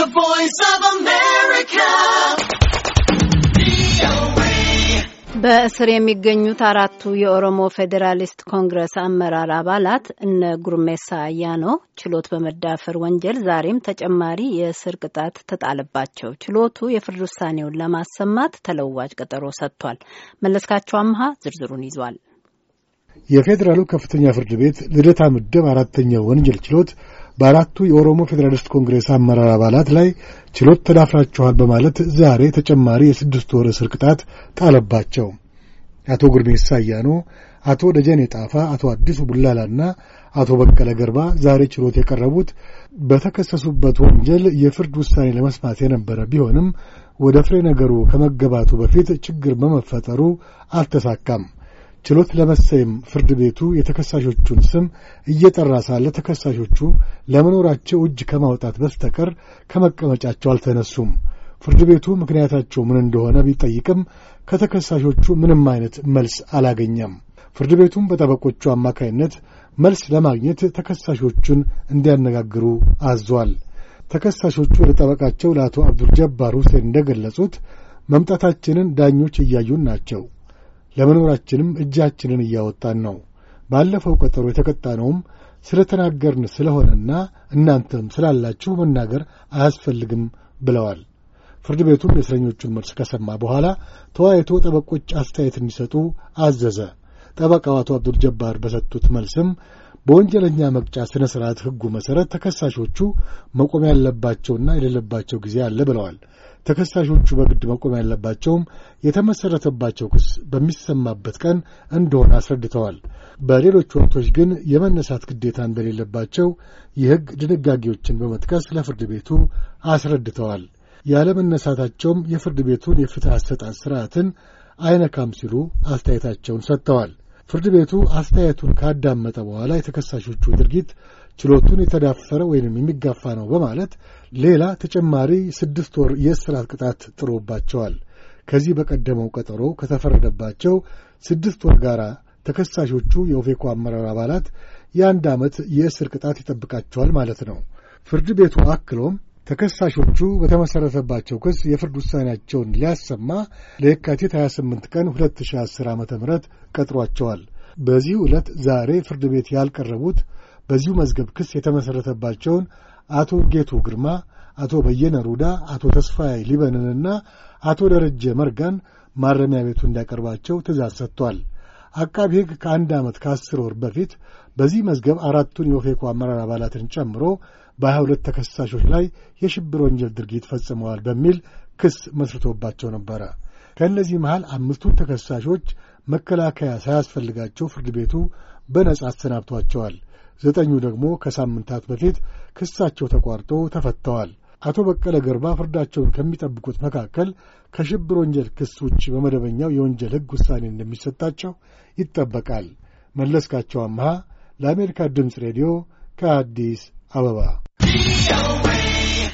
The Voice of America. በእስር የሚገኙት አራቱ የኦሮሞ ፌዴራሊስት ኮንግረስ አመራር አባላት እነ ጉርሜሳ አያኖ ችሎት በመዳፈር ወንጀል ዛሬም ተጨማሪ የእስር ቅጣት ተጣለባቸው። ችሎቱ የፍርድ ውሳኔውን ለማሰማት ተለዋጭ ቀጠሮ ሰጥቷል። መለስካቸው አምሃ ዝርዝሩን ይዟል። የፌዴራሉ ከፍተኛ ፍርድ ቤት ልደታ ምድብ አራተኛው ወንጀል ችሎት በአራቱ የኦሮሞ ፌዴራሊስት ኮንግሬስ አመራር አባላት ላይ ችሎት ተዳፍራችኋል በማለት ዛሬ ተጨማሪ የስድስት ወር እስር ቅጣት ጣለባቸው። አቶ ጉርሜሳ አያኖ፣ አቶ ደጀኔ ጣፋ፣ አቶ አዲሱ ቡላላና አቶ በቀለ ገርባ ዛሬ ችሎት የቀረቡት በተከሰሱበት ወንጀል የፍርድ ውሳኔ ለመስማት የነበረ ቢሆንም ወደ ፍሬ ነገሩ ከመገባቱ በፊት ችግር በመፈጠሩ አልተሳካም። ችሎት ለመሰየም ፍርድ ቤቱ የተከሳሾቹን ስም እየጠራ ሳለ ተከሳሾቹ ለመኖራቸው እጅ ከማውጣት በስተቀር ከመቀመጫቸው አልተነሱም። ፍርድ ቤቱ ምክንያታቸው ምን እንደሆነ ቢጠይቅም ከተከሳሾቹ ምንም አይነት መልስ አላገኘም። ፍርድ ቤቱም በጠበቆቹ አማካይነት መልስ ለማግኘት ተከሳሾቹን እንዲያነጋግሩ አዟል። ተከሳሾቹ ጠበቃቸው ለአቶ አብዱል ጀባር ሁሴን እንደገለጹት መምጣታችንን ዳኞች እያዩን ናቸው ለመኖራችንም እጃችንን እያወጣን ነው። ባለፈው ቀጠሮ የተቀጣነውም ስለ ተናገርን ስለሆነና እናንተም ስላላችሁ መናገር አያስፈልግም ብለዋል። ፍርድ ቤቱም የእስረኞቹን መልስ ከሰማ በኋላ ተወያይቶ ጠበቆች አስተያየት እንዲሰጡ አዘዘ። ጠበቃው አቶ አብዱል ጀባር በሰጡት መልስም በወንጀለኛ መቅጫ ሥነ ሥርዓት ሕጉ መሠረት ተከሳሾቹ መቆም ያለባቸውና የሌለባቸው ጊዜ አለ ብለዋል። ተከሳሾቹ በግድ መቆም ያለባቸውም የተመሠረተባቸው ክስ በሚሰማበት ቀን እንደሆነ አስረድተዋል። በሌሎች ወቅቶች ግን የመነሳት ግዴታ እንደሌለባቸው የሕግ ድንጋጌዎችን በመጥቀስ ለፍርድ ቤቱ አስረድተዋል። ያለመነሳታቸውም የፍርድ ቤቱን የፍትሕ አሰጣጥ ሥርዓትን አይነካም ሲሉ አስተያየታቸውን ሰጥተዋል። ፍርድ ቤቱ አስተያየቱን ካዳመጠ በኋላ የተከሳሾቹ ድርጊት ችሎቱን የተዳፈረ ወይንም የሚጋፋ ነው በማለት ሌላ ተጨማሪ ስድስት ወር የእስራት ቅጣት ጥሎባቸዋል። ከዚህ በቀደመው ቀጠሮ ከተፈረደባቸው ስድስት ወር ጋር ተከሳሾቹ የኦፌኮ አመራር አባላት የአንድ ዓመት የእስር ቅጣት ይጠብቃቸዋል ማለት ነው። ፍርድ ቤቱ አክሎም ተከሳሾቹ በተመሠረተባቸው ክስ የፍርድ ውሳኔያቸውን ሊያሰማ ለየካቲት 28 ቀን 2010 ዓ ም ቀጥሯቸዋል። በዚሁ ዕለት ዛሬ ፍርድ ቤት ያልቀረቡት በዚሁ መዝገብ ክስ የተመሠረተባቸውን አቶ ጌቱ ግርማ፣ አቶ በየነ ሩዳ፣ አቶ ተስፋዬ ሊበንንና አቶ ደረጀ መርጋን ማረሚያ ቤቱ እንዲያቀርባቸው ትእዛዝ ሰጥቷል። አቃቢ ሕግ ከአንድ ዓመት ከአስር ወር በፊት በዚህ መዝገብ አራቱን የኦፌኮ አመራር አባላትን ጨምሮ በሀያ ሁለት ተከሳሾች ላይ የሽብር ወንጀል ድርጊት ፈጽመዋል በሚል ክስ መስርቶባቸው ነበረ። ከእነዚህ መሃል አምስቱን ተከሳሾች መከላከያ ሳያስፈልጋቸው ፍርድ ቤቱ በነጻ አሰናብቷቸዋል። ዘጠኙ ደግሞ ከሳምንታት በፊት ክሳቸው ተቋርጦ ተፈተዋል። አቶ በቀለ ገርባ ፍርዳቸውን ከሚጠብቁት መካከል ከሽብር ወንጀል ክስ ውጭ በመደበኛው የወንጀል ሕግ ውሳኔ እንደሚሰጣቸው ይጠበቃል። መለስካቸው አምሃ ለአሜሪካ ድምፅ ሬዲዮ ከአዲስ አበባ